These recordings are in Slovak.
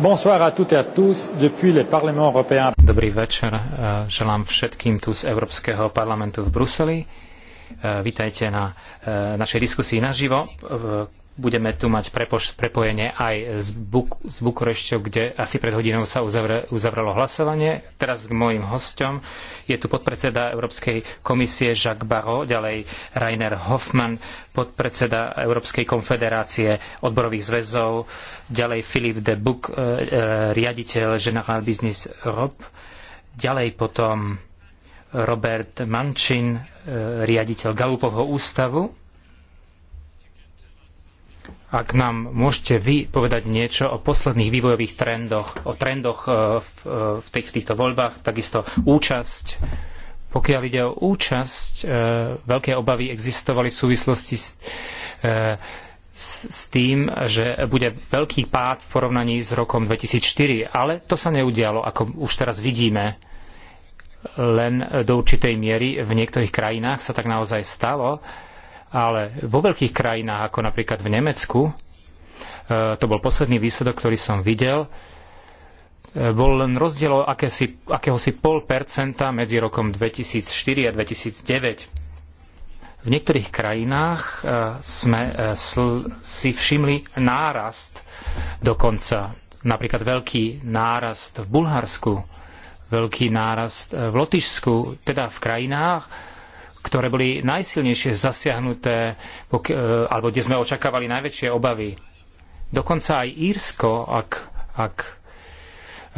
Bonsoir à toutes et à tous depuis le Parlement européen. Dobrý večer, eh, želám všetkým tu z Európskeho parlamentu v Bruseli. Eh, vítajte na eh, našej diskusii naživo budeme tu mať prepojenie aj s, Buk- z Bukurešťou, kde asi pred hodinou sa uzavre, uzavralo hlasovanie. Teraz k mojim hostom. Je tu podpredseda Európskej komisie Jacques Barrot, ďalej Rainer Hoffmann, podpredseda Európskej konfederácie odborových zväzov, ďalej Filip de Buk, e, e, riaditeľ General Business Europe, ďalej potom Robert Manchin, e, riaditeľ Galupovho ústavu, ak nám môžete vy povedať niečo o posledných vývojových trendoch, o trendoch e, e, v, týchto voľbách, takisto účasť. Pokiaľ ide o účasť, e, veľké obavy existovali v súvislosti s, s tým, že bude veľký pád v porovnaní s rokom 2004, ale to sa neudialo, ako už teraz vidíme len do určitej miery v niektorých krajinách sa tak naozaj stalo ale vo veľkých krajinách, ako napríklad v Nemecku, e, to bol posledný výsledok, ktorý som videl, e, bol len rozdiel o akési, akéhosi pol percenta medzi rokom 2004 a 2009. V niektorých krajinách e, sme si všimli nárast dokonca, napríklad veľký nárast v Bulharsku, veľký nárast v Lotyšsku, teda v krajinách, ktoré boli najsilnejšie zasiahnuté, eh, alebo kde sme očakávali najväčšie obavy. Dokonca aj Írsko, ak, ak eh,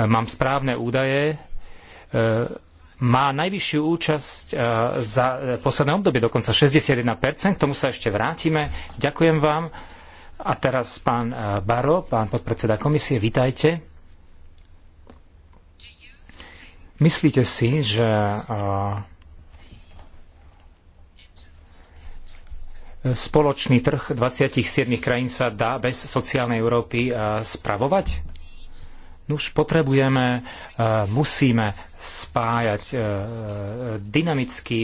mám správne údaje, eh, má najvyššiu účasť za posledné obdobie, dokonca 61%, k tomu sa ešte vrátime. Ďakujem vám. A teraz pán Baro, pán podpredseda komisie, vítajte. Myslíte si, že spoločný trh 27 krajín sa dá bez sociálnej Európy eh, spravovať? Nuž potrebujeme, eh, musíme spájať eh, dynamický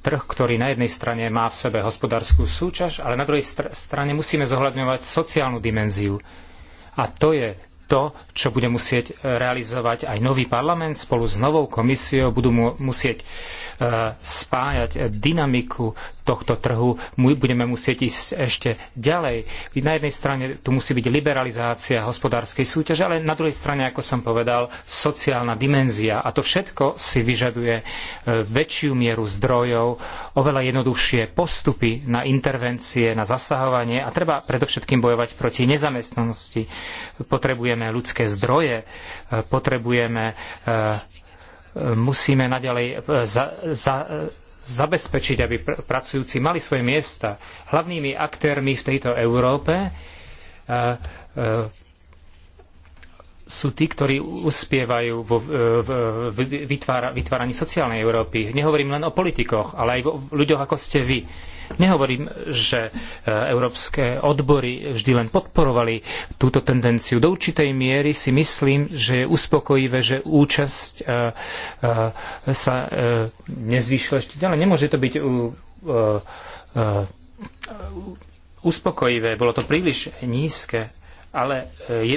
trh, ktorý na jednej strane má v sebe hospodárskú súťaž, ale na druhej strane musíme zohľadňovať sociálnu dimenziu. A to je to, čo bude musieť realizovať aj nový parlament spolu s novou komisiou, budú musieť spájať dynamiku tohto trhu budeme musieť ísť ešte ďalej. Na jednej strane tu musí byť liberalizácia hospodárskej súťaže, ale na druhej strane, ako som povedal, sociálna dimenzia. A to všetko si vyžaduje e, väčšiu mieru zdrojov, oveľa jednoduchšie postupy na intervencie, na zasahovanie a treba predovšetkým bojovať proti nezamestnanosti. Potrebujeme ľudské zdroje, e, potrebujeme e, musíme naďalej e, za, za, zabezpečiť, aby pr pracujúci mali svoje miesta. Hlavnými aktérmi v tejto Európe e, e, sú tí, ktorí uspievajú vo v, vytvára, vytváraní sociálnej Európy. Nehovorím len o politikoch, ale aj o ľuďoch, ako ste vy. Nehovorím, že e, európske odbory vždy len podporovali túto tendenciu. Do určitej miery si myslím, že je uspokojivé, že účasť e, e, sa nezvýšila ešte ďalej. Nemôže to byť uspokojivé, bolo to príliš nízke ale e,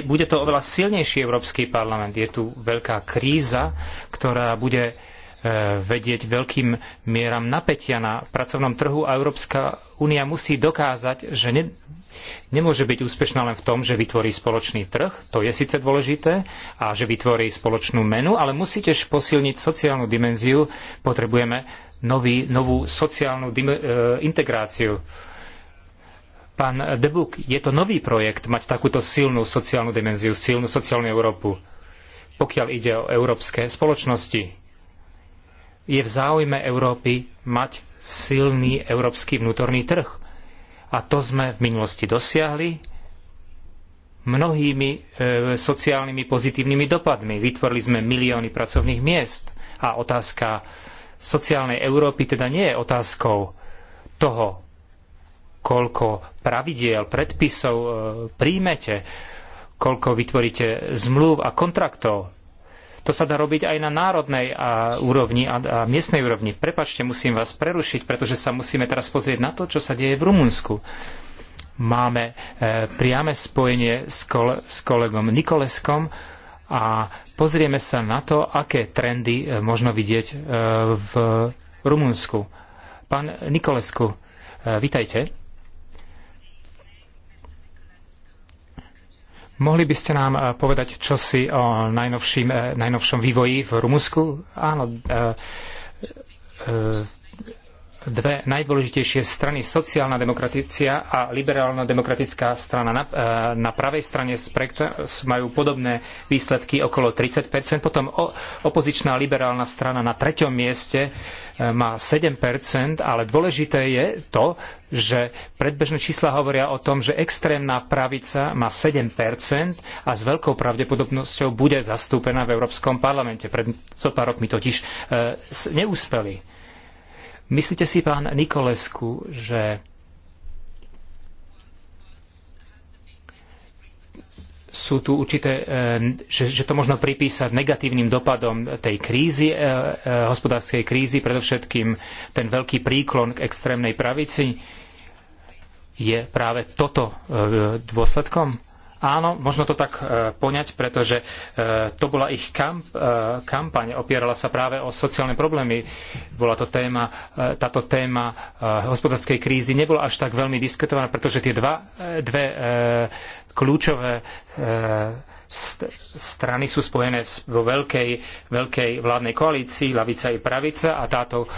je, bude to oveľa silnejší Európsky parlament. Je tu veľká kríza, ktorá bude e, vedieť veľkým mieram napätia na pracovnom trhu a Európska únia musí dokázať, že ne, nemôže byť úspešná len v tom, že vytvorí spoločný trh, to je síce dôležité, a že vytvorí spoločnú menu, ale musí tiež posilniť sociálnu dimenziu, potrebujeme nový, novú sociálnu e, integráciu Pán Debuk, je to nový projekt mať takúto silnú sociálnu dimenziu, silnú sociálnu Európu, pokiaľ ide o európske spoločnosti. Je v záujme Európy mať silný európsky vnútorný trh. A to sme v minulosti dosiahli mnohými e, sociálnymi pozitívnymi dopadmi. Vytvorili sme milióny pracovných miest a otázka sociálnej Európy teda nie je otázkou toho, koľko pravidiel, predpisov e, príjmete, koľko vytvoríte zmluv a kontraktov. To sa dá robiť aj na národnej a úrovni a, a miestnej úrovni. Prepačte, musím vás prerušiť, pretože sa musíme teraz pozrieť na to, čo sa deje v Rumunsku. Máme e, priame spojenie s, kole, s kolegom Nikoleskom a pozrieme sa na to, aké trendy e, možno vidieť v Rumunsku. Pán Nikolesku, vitajte. Mohli by ste nám e, povedať čosi o najnovším, e, najnovšom vývoji v Rumusku? Áno, e, dve najdôležitejšie strany, sociálna demokratícia a liberálna demokratická strana. Na, e, na pravej strane spektra majú podobné výsledky okolo 30 potom opozičná liberálna strana na treťom mieste e, má 7 ale dôležité je to, že predbežné čísla hovoria o tom, že extrémna pravica má 7 a s veľkou pravdepodobnosťou bude zastúpená v Európskom parlamente. Pred so pár rokmi totiž e, neúspeli Myslíte si, pán Nikolesku, že sú tu určité, eh, že, že to možno pripísať negatívnym dopadom tej krízy, eh, eh, hospodárskej krízy, predovšetkým ten veľký príklon k extrémnej pravici, je práve toto dôsledkom? Áno, možno to tak e, poňať, pretože e, to bola ich kamp, e, kampaň, opierala sa práve o sociálne problémy. Bola to téma, táto téma hospodárskej krízy nebola až tak veľmi diskutovaná, pretože tie dva, dve kľúčové strany sú spojené vo veľkej, veľkej vládnej koalícii, lavica i pravica a táto e,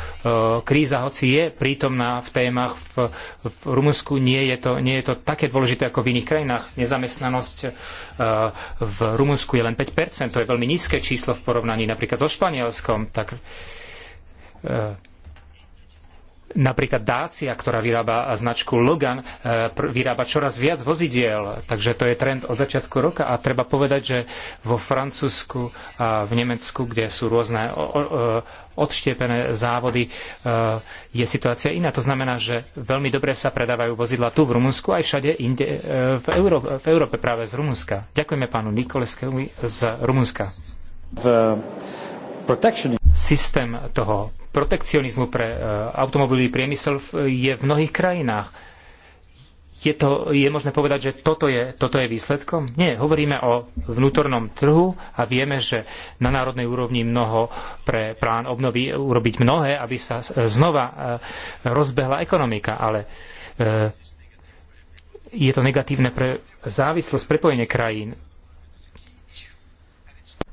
kríza, hoci je prítomná v témach v, v Rumunsku, nie je, to, nie je to také dôležité ako v iných krajinách. Nezamestnanosť e, v Rumunsku je len 5%, to je veľmi nízke číslo v porovnaní napríklad so Španielskom. Tak, e, Napríklad Dácia, ktorá vyrába značku Logan, e, vyrába čoraz viac vozidiel, takže to je trend od začiatku roka a treba povedať, že vo Francúzsku a v Nemecku, kde sú rôzne e, odštiepené závody, e, je situácia iná. To znamená, že veľmi dobre sa predávajú vozidla tu v Rumunsku aj všade inde v, Euró- v Európe práve z Rumunska. Ďakujeme pánu Nikoleskému z Rumunska. V Systém toho protekcionizmu pre e, automobilový priemysel je v mnohých krajinách. Je, to, je možné povedať, že toto je, toto je výsledkom? Nie, hovoríme o vnútornom trhu a vieme, že na národnej úrovni mnoho pre plán obnovy urobiť mnohé, aby sa znova e, rozbehla ekonomika, ale e, je to negatívne pre závislosť, prepojenie krajín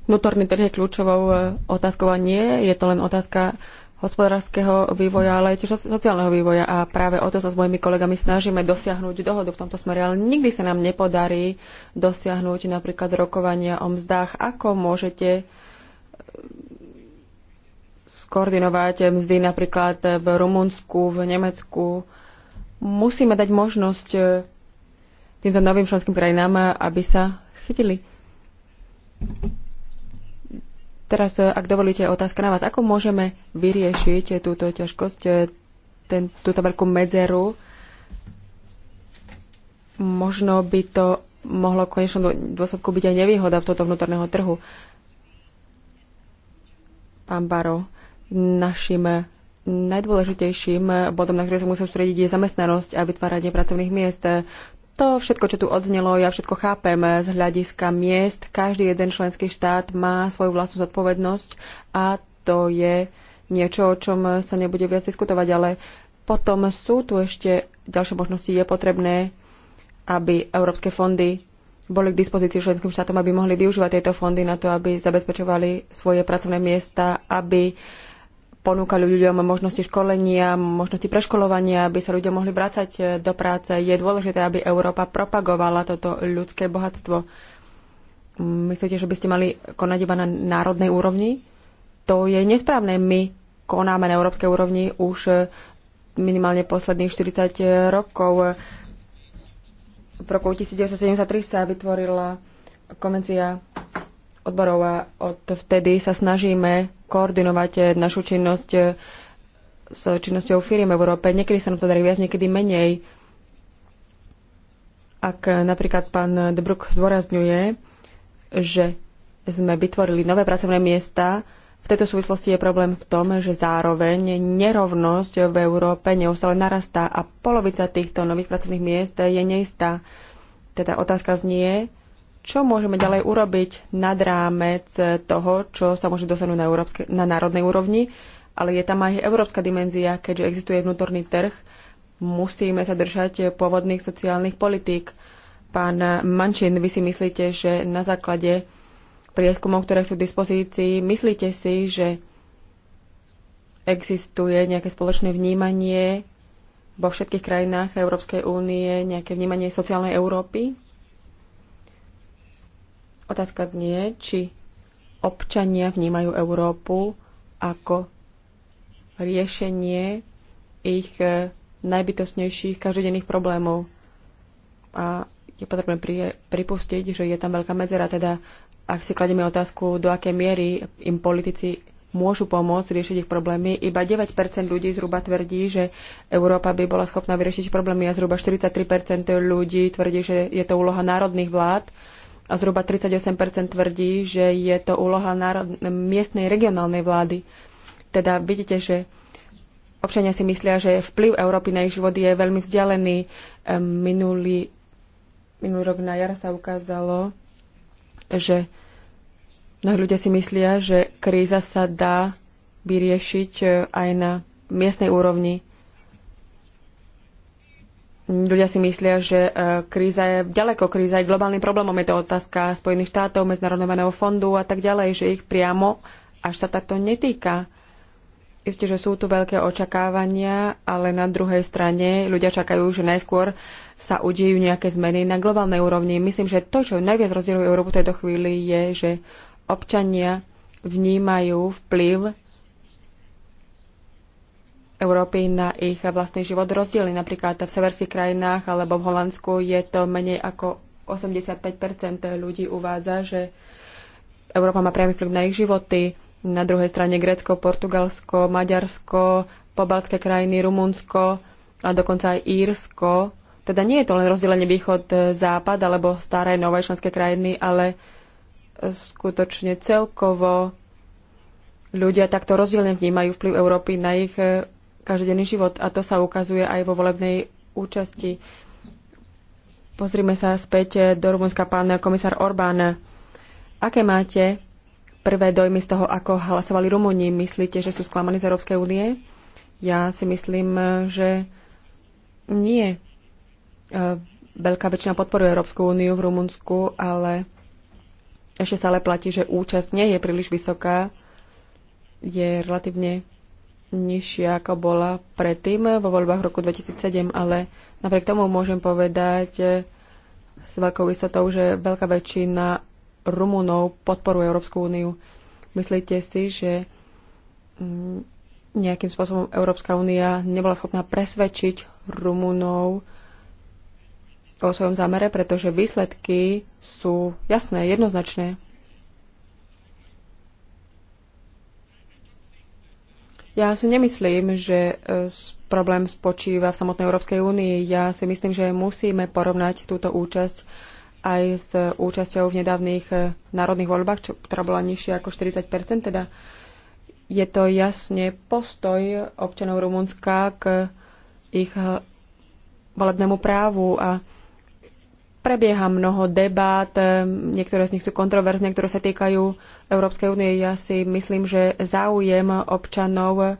Vnútorný trh je kľúčovou e, otázkou a nie je to len otázka hospodárskeho vývoja, ale aj tiež sociálneho vývoja. A práve o to sa s mojimi kolegami snažíme dosiahnuť dohodu v tomto smere, ale nikdy sa nám nepodarí dosiahnuť napríklad rokovania o mzdách. Ako môžete e, skoordinovať mzdy napríklad v Rumunsku, v Nemecku? Musíme dať možnosť e, týmto novým členským krajinám, aby sa chytili. Teraz, eh, ak dovolíte, otázka na vás. Ako môžeme vyriešiť eh, túto ťažkosť, eh, ten, túto veľkú medzeru? Možno by to mohlo v konečnom dôsledku byť aj nevýhoda v toto vnútorného trhu. Pán Baro, našim najdôležitejším bodom, na ktorý sa musím strediť, je zamestnanosť a vytváranie pracovných miest. To všetko, čo tu odznelo, ja všetko chápem z hľadiska miest. Každý jeden členský štát má svoju vlastnú zodpovednosť a to je niečo, o čom sa nebude viac diskutovať, ale potom sú tu ešte ďalšie možnosti. Je potrebné, aby európske fondy boli k dispozícii členským štátom, aby mohli využívať tieto fondy na to, aby zabezpečovali svoje pracovné miesta, aby uh, ponúkali ľuďom možnosti školenia, možnosti preškolovania, aby sa ľudia mohli vrácať eh, do práce. Je dôležité, aby Európa propagovala toto ľudské bohatstvo. Myslíte, že by ste mali konať iba na národnej úrovni? To je nesprávne. My konáme na európskej úrovni už eh, minimálne posledných 40 eh, rokov. V roku 1973 sa vytvorila konvencia odborov a od vtedy sa snažíme koordinovať eh, našu činnosť eh, s činnosťou firiem v Európe. Niekedy sa nám to darí viac, niekedy menej. Ak eh, napríklad pán De Bruck zdôrazňuje, že sme vytvorili nové pracovné miesta, v tejto súvislosti je problém v tom, že zároveň nerovnosť v Európe neustále narastá a polovica týchto nových pracovných miest je neistá. Teda otázka znie, čo môžeme ďalej urobiť nad rámec toho, čo sa môže dosiahnuť na, európske, na národnej úrovni, ale je tam aj európska dimenzia, keďže existuje vnútorný trh, musíme sa držať pôvodných sociálnych politík. Pán Mančin, vy si myslíte, že na základe prieskumov, ktoré sú v dispozícii, myslíte si, že existuje nejaké spoločné vnímanie vo všetkých krajinách Európskej únie, nejaké vnímanie sociálnej Európy? Otázka znie, či občania vnímajú Európu ako riešenie ich eh, najbytostnejších každodenných problémov. A je potrebné pripustiť, že je tam veľká medzera. Teda, ak si kladieme otázku, do akej miery im politici môžu pomôcť riešiť ich problémy. Iba 9% ľudí zhruba tvrdí, že Európa by bola schopná vyriešiť problémy a zhruba 43% ľudí tvrdí, že je to úloha národných vlád a zhruba 38 tvrdí, že je to úloha národ- miestnej regionálnej vlády. Teda vidíte, že občania si myslia, že vplyv Európy na ich život je veľmi vzdialený. Minulý, minulý rok na jar sa ukázalo, že mnohí ľudia si myslia, že kríza sa dá vyriešiť eh, aj na miestnej úrovni. Ľudia si myslia, že e, kríza je ďaleko, kríza je globálnym problémom. Je to otázka Spojených štátov, Medzinárodného fondu a tak ďalej, že ich priamo až sa takto netýka. Isté, že sú tu veľké očakávania, ale na druhej strane ľudia čakajú, že najskôr sa udejú nejaké zmeny na globálnej úrovni. Myslím, že to, čo najviac rozdieluje Európu v tejto chvíli, je, že občania vnímajú vplyv Európy na ich vlastný život rozdiely. Napríklad v severských krajinách alebo v Holandsku je to menej ako 85 ľudí uvádza, že Európa má priamy vplyv na ich životy. Na druhej strane Grécko, Portugalsko, Maďarsko, pobaltské krajiny, Rumunsko a dokonca aj Írsko. Teda nie je to len rozdelenie východ-západ alebo staré nové členské krajiny, ale skutočne celkovo ľudia takto rozdielne vnímajú vplyv Európy na ich každodenný život a to sa ukazuje aj vo volebnej účasti. Pozrime sa späť do Rumunska, pán komisár Orbán. Aké máte prvé dojmy z toho, ako hlasovali Rumúni? Myslíte, že sú sklamaní z Európskej únie? Ja si myslím, že nie. E, veľká väčšina podporuje Európsku úniu v Rumunsku, ale ešte sa ale platí, že účasť nie je príliš vysoká. Je relatívne nižšia, ako bola predtým vo voľbách roku 2007, ale napriek tomu môžem povedať e, s veľkou istotou, že veľká väčšina Rumunov podporuje Európsku úniu. Myslíte si, že mm, nejakým spôsobom Európska únia nebola schopná presvedčiť Rumunov o svojom zámere, pretože výsledky sú jasné, jednoznačné. Ja si nemyslím, že e, problém spočíva v samotnej Európskej únii. Ja si myslím, že musíme porovnať túto účasť aj s účasťou v nedávnych e, národných voľbách, čo, ktorá bola nižšia ako 40 teda je to jasne postoj občanov Rumunska k e, ich volebnému právu a prebieha mnoho debát, eh, niektoré z nich sú kontroverzne, ktoré sa týkajú Európskej únie. Ja si myslím, že záujem občanov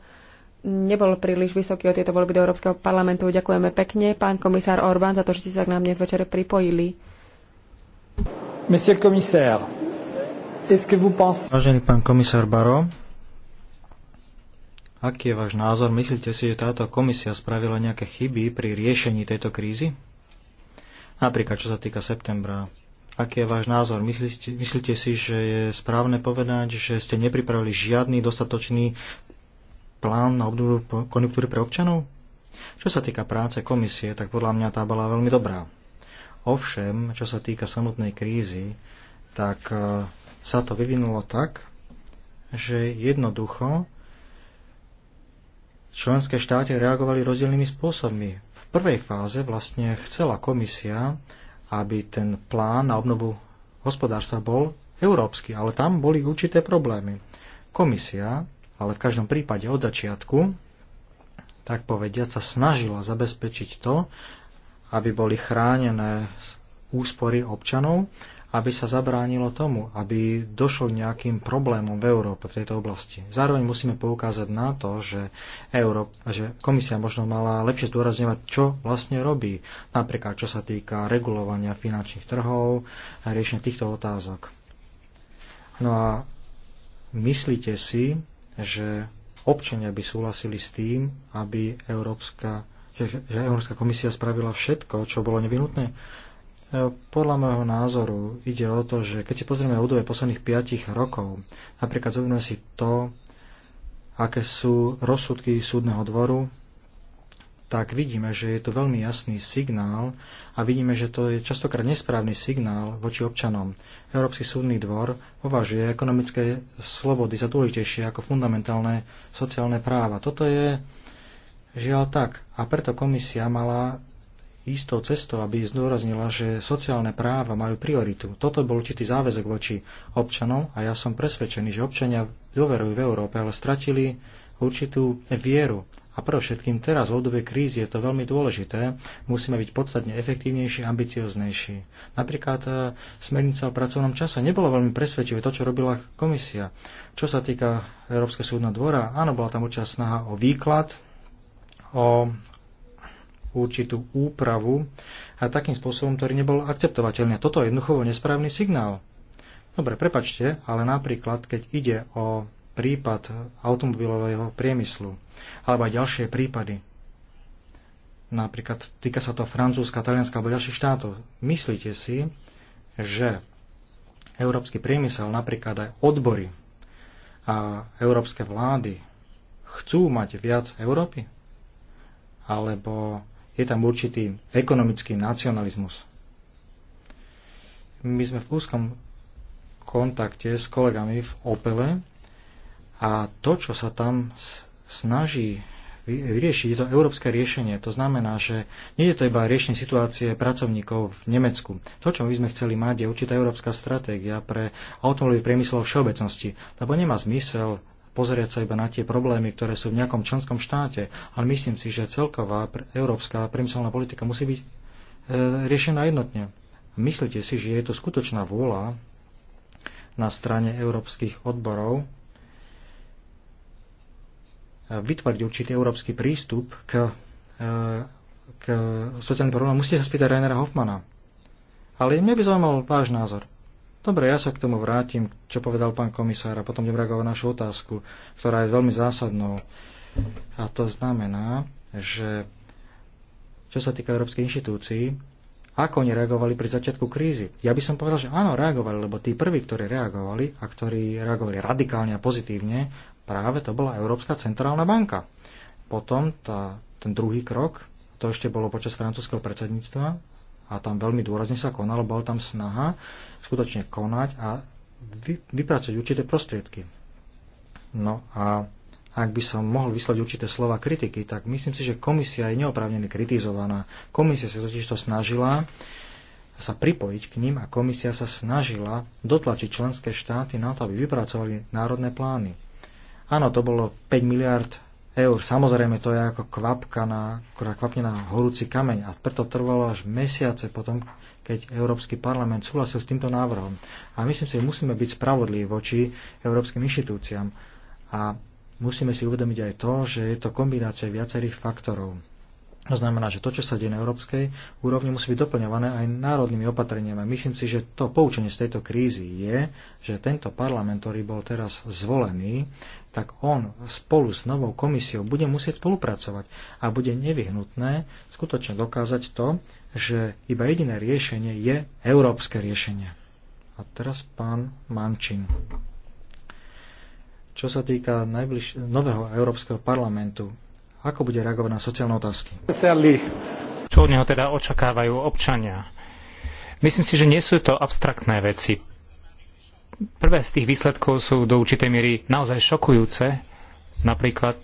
nebol príliš vysoký o tieto voľby do Európskeho parlamentu. Ďakujeme pekne, pán komisár Orbán, za to, že ste sa k nám dnes večer pripojili. Monsieur komisár, est-ce que vous pensez... Vážený pán komisár Baro, aký je váš názor? Myslíte si, že táto komisia spravila nejaké chyby pri riešení tejto krízy? Napríklad, čo sa týka septembra, aký je váš názor? Myslíte, myslíte si, že je správne povedať, že ste nepripravili žiadny dostatočný plán na obdobu konjunktúry pre občanov? Čo sa týka práce komisie, tak podľa mňa tá bola veľmi dobrá. Ovšem, čo sa týka samotnej krízy, tak eh, sa to vyvinulo tak, že jednoducho členské štáty reagovali rozdielnymi spôsobmi. V prvej fáze vlastne chcela komisia, aby ten plán na obnovu hospodárstva bol európsky, ale tam boli určité problémy. Komisia, ale v každom prípade od začiatku, tak povediať, sa snažila zabezpečiť to, aby boli chránené úspory občanov aby sa zabránilo tomu, aby došlo k nejakým problémom v Európe v tejto oblasti. Zároveň musíme poukázať na to, že, Európ, že komisia možno mala lepšie zdôrazňovať, čo vlastne robí, napríklad čo sa týka regulovania finančných trhov a riešenia týchto otázok. No a myslíte si, že občania by súhlasili s tým, aby Európska, že, že Európska komisia spravila všetko, čo bolo nevinutné? Podľa môjho názoru ide o to, že keď si pozrieme údaje posledných 5 rokov, napríklad zoberieme si to, aké sú rozsudky súdneho dvoru, tak vidíme, že je to veľmi jasný signál a vidíme, že to je častokrát nesprávny signál voči občanom. Európsky súdny dvor považuje ekonomické slobody za dôležitejšie ako fundamentálne sociálne práva. Toto je žiaľ tak a preto komisia mala istou cestou, aby zdôraznila, že sociálne práva majú prioritu. Toto bol určitý záväzok voči občanom a ja som presvedčený, že občania dôverujú v Európe, ale stratili určitú vieru. A pre všetkým teraz v obdobie krízy je to veľmi dôležité. Musíme byť podstatne efektívnejší, ambicioznejší. Napríklad e, smernica o pracovnom čase nebola veľmi presvedčivé to, čo robila komisia. Čo sa týka Európskeho súdna dvora, áno, bola tam určitá snaha o výklad, o určitú úpravu a takým spôsobom, ktorý nebol akceptovateľný. Toto je jednoducho nesprávny signál. Dobre, prepačte, ale napríklad, keď ide o prípad automobilového priemyslu alebo aj ďalšie prípady, napríklad týka sa to Francúzska, Talianska alebo ďalších štátov, myslíte si, že európsky priemysel, napríklad aj odbory a európske vlády chcú mať viac Európy? Alebo je tam určitý ekonomický nacionalizmus. My sme v úzkom kontakte s kolegami v Opele a to, čo sa tam snaží vyriešiť, je to európske riešenie. To znamená, že nie je to iba riešenie situácie pracovníkov v Nemecku. To, čo my sme chceli mať, je určitá európska stratégia pre automobilový priemysel v všeobecnosti, lebo nemá zmysel pozrieť sa iba na tie problémy, ktoré sú v nejakom členskom štáte, ale myslím si, že celková európska priemyselná politika musí byť e, riešená jednotne. Myslíte si, že je to skutočná vôľa na strane európskych odborov e, vytvoriť určitý európsky prístup k, e, k sociálnym problémom? Musíte sa spýtať Rainera Hoffmana. Ale mňa by zaujímal váš názor. Dobre, ja sa k tomu vrátim, čo povedal pán komisár a potom budem našu otázku, ktorá je veľmi zásadnou. A to znamená, že čo sa týka Európskej inštitúcií, ako oni reagovali pri začiatku krízy. Ja by som povedal, že áno, reagovali, lebo tí prví, ktorí reagovali a ktorí reagovali radikálne a pozitívne, práve to bola Európska centrálna banka. Potom tá, ten druhý krok, to ešte bolo počas francúzského predsedníctva, a tam veľmi dôrazne sa konalo, bola tam snaha skutočne konať a vy, vypracovať určité prostriedky. No a ak by som mohol vysloviť určité slova kritiky, tak myslím si, že komisia je neoprávnene kritizovaná. Komisia sa totiž to snažila sa pripojiť k ním a komisia sa snažila dotlačiť členské štáty na to, aby vypracovali národné plány. Áno, to bolo 5 miliard eur. Samozrejme, to je ako kvapka na, kvapne na horúci kameň a preto trvalo až mesiace potom, keď Európsky parlament súhlasil s týmto návrhom. A myslím si, že musíme byť spravodliví voči európskym inštitúciám a musíme si uvedomiť aj to, že je to kombinácia viacerých faktorov. To znamená, že to, čo sa deje na európskej úrovni, musí byť doplňované aj národnými opatreniami. Myslím si, že to poučenie z tejto krízy je, že tento parlament, ktorý bol teraz zvolený, tak on spolu s novou komisiou bude musieť spolupracovať a bude nevyhnutné skutočne dokázať to, že iba jediné riešenie je európske riešenie. A teraz pán Mančin. Čo sa týka najbliž... nového Európskeho parlamentu, ako bude reagovať na sociálne otázky? Čo od neho teda očakávajú občania? Myslím si, že nie sú to abstraktné veci. Prvé z tých výsledkov sú do určitej miery naozaj šokujúce. Napríklad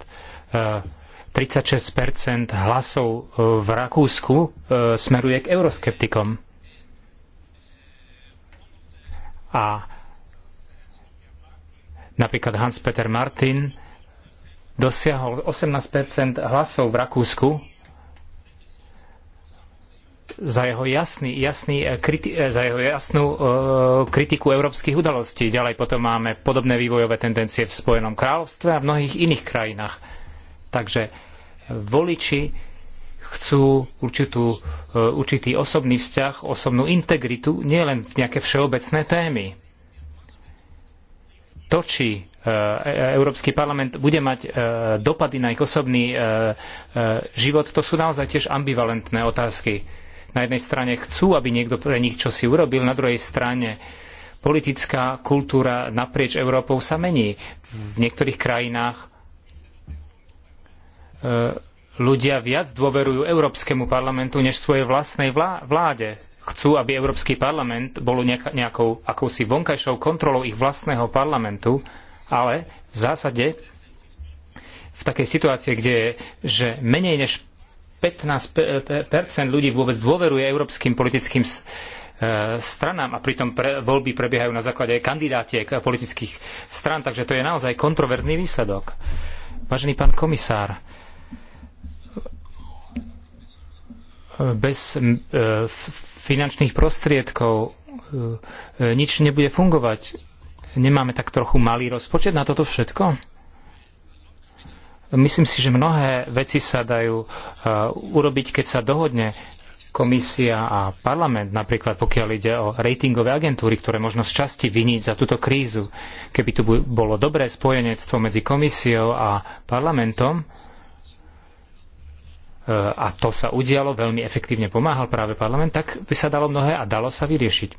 36 e, hlasov e, v Rakúsku e, smeruje k euroskeptikom. A napríklad Hans-Peter Martin dosiahol 18 hlasov v Rakúsku za jeho, jasný, jasný, e, kriti- e, za jeho jasnú e, kritiku európskych udalostí. Ďalej potom máme podobné vývojové tendencie v Spojenom kráľovstve a v mnohých iných krajinách. Takže voliči chcú určitú, e, určitý osobný vzťah, osobnú integritu, nielen v nejaké všeobecné témy. To, či e, Európsky parlament bude mať dopady na ich osobný život, to sú naozaj tiež ambivalentné otázky na jednej strane chcú, aby niekto pre nich čo si urobil, na druhej strane politická kultúra naprieč Európou sa mení. V niektorých krajinách e, ľudia viac dôverujú Európskemu parlamentu než svojej vlastnej vláde. Chcú, aby Európsky parlament bol nejakou akousi vonkajšou kontrolou ich vlastného parlamentu, ale v zásade v takej situácii, kde je, že menej než 15 ľudí vôbec dôveruje európskym politickým e, stranám a pritom pre, voľby prebiehajú na základe kandidátiek politických stran, takže to je naozaj kontroverzný výsledok. Vážený pán komisár, bez e, finančných prostriedkov e, nič nebude fungovať. Nemáme tak trochu malý rozpočet na toto všetko? Myslím si, že mnohé veci sa dajú e, urobiť, keď sa dohodne komisia a parlament, napríklad pokiaľ ide o ratingové agentúry, ktoré možno z časti viniť za túto krízu. Keby tu bolo dobré spojenectvo medzi komisiou a parlamentom, e, a to sa udialo, veľmi efektívne pomáhal práve parlament, tak by sa dalo mnohé a dalo sa vyriešiť.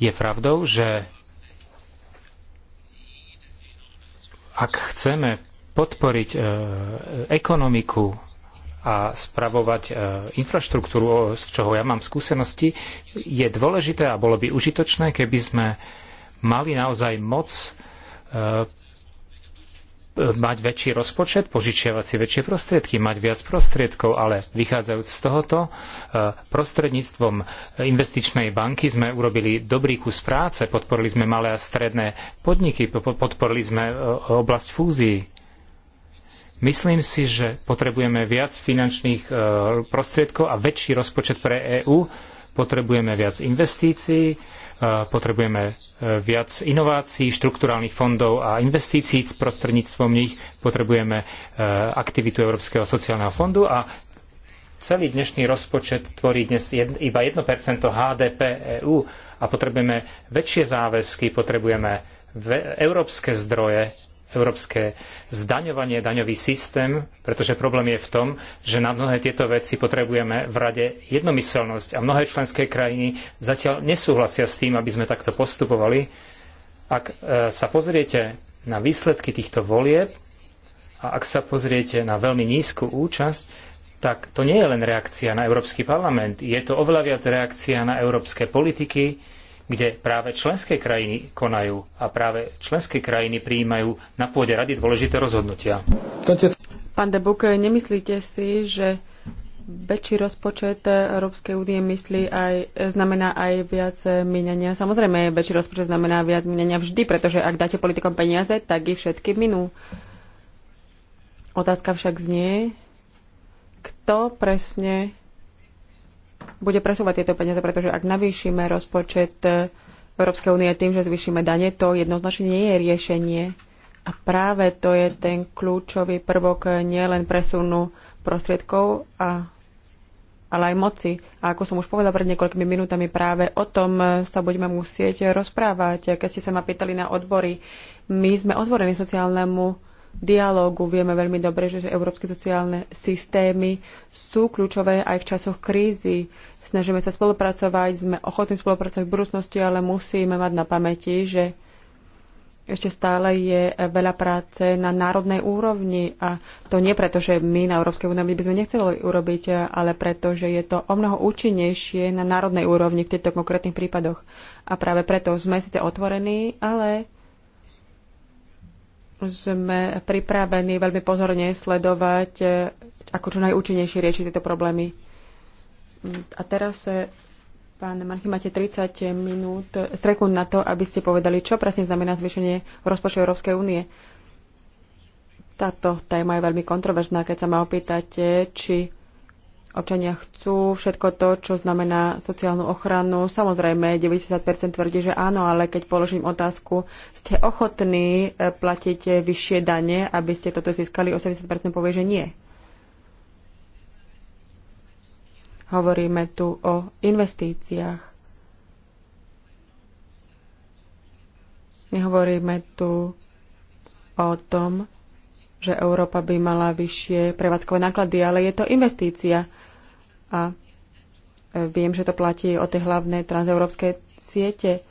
Je pravdou, že ak chceme podporiť e, ekonomiku a spravovať e, infraštruktúru, z čoho ja mám skúsenosti, je dôležité a bolo by užitočné, keby sme mali naozaj moc e, mať väčší rozpočet, požičiavať si väčšie prostriedky, mať viac prostriedkov, ale vychádzajúc z tohoto, prostredníctvom investičnej banky sme urobili dobrý kus práce, podporili sme malé a stredné podniky, podporili sme oblasť fúzií. Myslím si, že potrebujeme viac finančných e, prostriedkov a väčší rozpočet pre EÚ, potrebujeme viac investícií, e, potrebujeme e, viac inovácií, štrukturálnych fondov a investícií s prostredníctvom nich, potrebujeme aktivitu Európskeho sociálneho fondu a celý dnešný rozpočet tvorí dnes iba 1% HDP EÚ a potrebujeme väčšie záväzky, potrebujeme európske zdroje európske zdaňovanie, daňový systém, pretože problém je v tom, že na mnohé tieto veci potrebujeme v rade jednomyseľnosť a mnohé členské krajiny zatiaľ nesúhlasia s tým, aby sme takto postupovali. Ak e, sa pozriete na výsledky týchto volieb a ak sa pozriete na veľmi nízku účasť, tak to nie je len reakcia na Európsky parlament, je to oveľa viac reakcia na európske politiky, kde práve členské krajiny konajú a práve členské krajiny prijímajú na pôde rady dôležité rozhodnutia. Pán Debuk, nemyslíte si, že väčší rozpočet Európskej únie myslí aj, znamená aj viac minenia? Samozrejme, väčší rozpočet znamená viac minenia. vždy, pretože ak dáte politikom peniaze, tak ich všetky minú. Otázka však znie, kto presne bude presúvať tieto peniaze, pretože ak navýšime rozpočet eh, Európskej únie tým, že zvýšime dane, to jednoznačne nie je riešenie. A práve to je ten kľúčový prvok eh, nielen presunu prostriedkov, a, ale aj moci. A ako som už povedala pred niekoľkými minútami, práve o tom eh, sa budeme musieť rozprávať. Keď ste sa ma pýtali na odbory, my sme otvorení sociálnemu dialógu. Vieme veľmi dobre, že európske sociálne systémy sú kľúčové aj v časoch krízy. Snažíme sa spolupracovať, sme ochotní spolupracovať v budúcnosti, ale musíme mať na pamäti, že ešte stále je veľa práce na národnej úrovni a to nie preto, že my na Európskej úrovni by sme nechceli urobiť, ale preto, že je to o mnoho účinnejšie na národnej úrovni v týchto konkrétnych prípadoch. A práve preto sme si to otvorení, ale sme pripravení veľmi pozorne sledovať, e, ako čo najúčinnejšie riešiť tieto problémy. A teraz, e, pán Marchy, máte 30 minút, e, sekúnd na to, aby ste povedali, čo presne znamená zvýšenie rozpočtu Európskej únie. Táto téma je veľmi kontroverzná, keď sa ma opýtate, či Občania chcú všetko to, čo znamená sociálnu ochranu. Samozrejme, 90% tvrdí, že áno, ale keď položím otázku, ste ochotní eh, platiť vyššie dane, aby ste toto získali, 80% povie, že nie. Hovoríme tu o investíciách. Nehovoríme tu o tom, že Európa by mala vyššie prevádzkové náklady, ale je to investícia a e, viem, že to platí o tie hlavné transeurópske siete.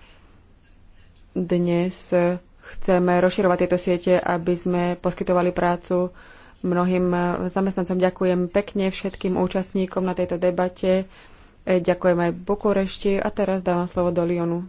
Dnes e, chceme rozširovať tieto siete, aby sme poskytovali prácu mnohým e, zamestnancom. Ďakujem pekne všetkým účastníkom na tejto debate. Ďakujem aj Bukurešti a teraz dávam slovo do Lyonu.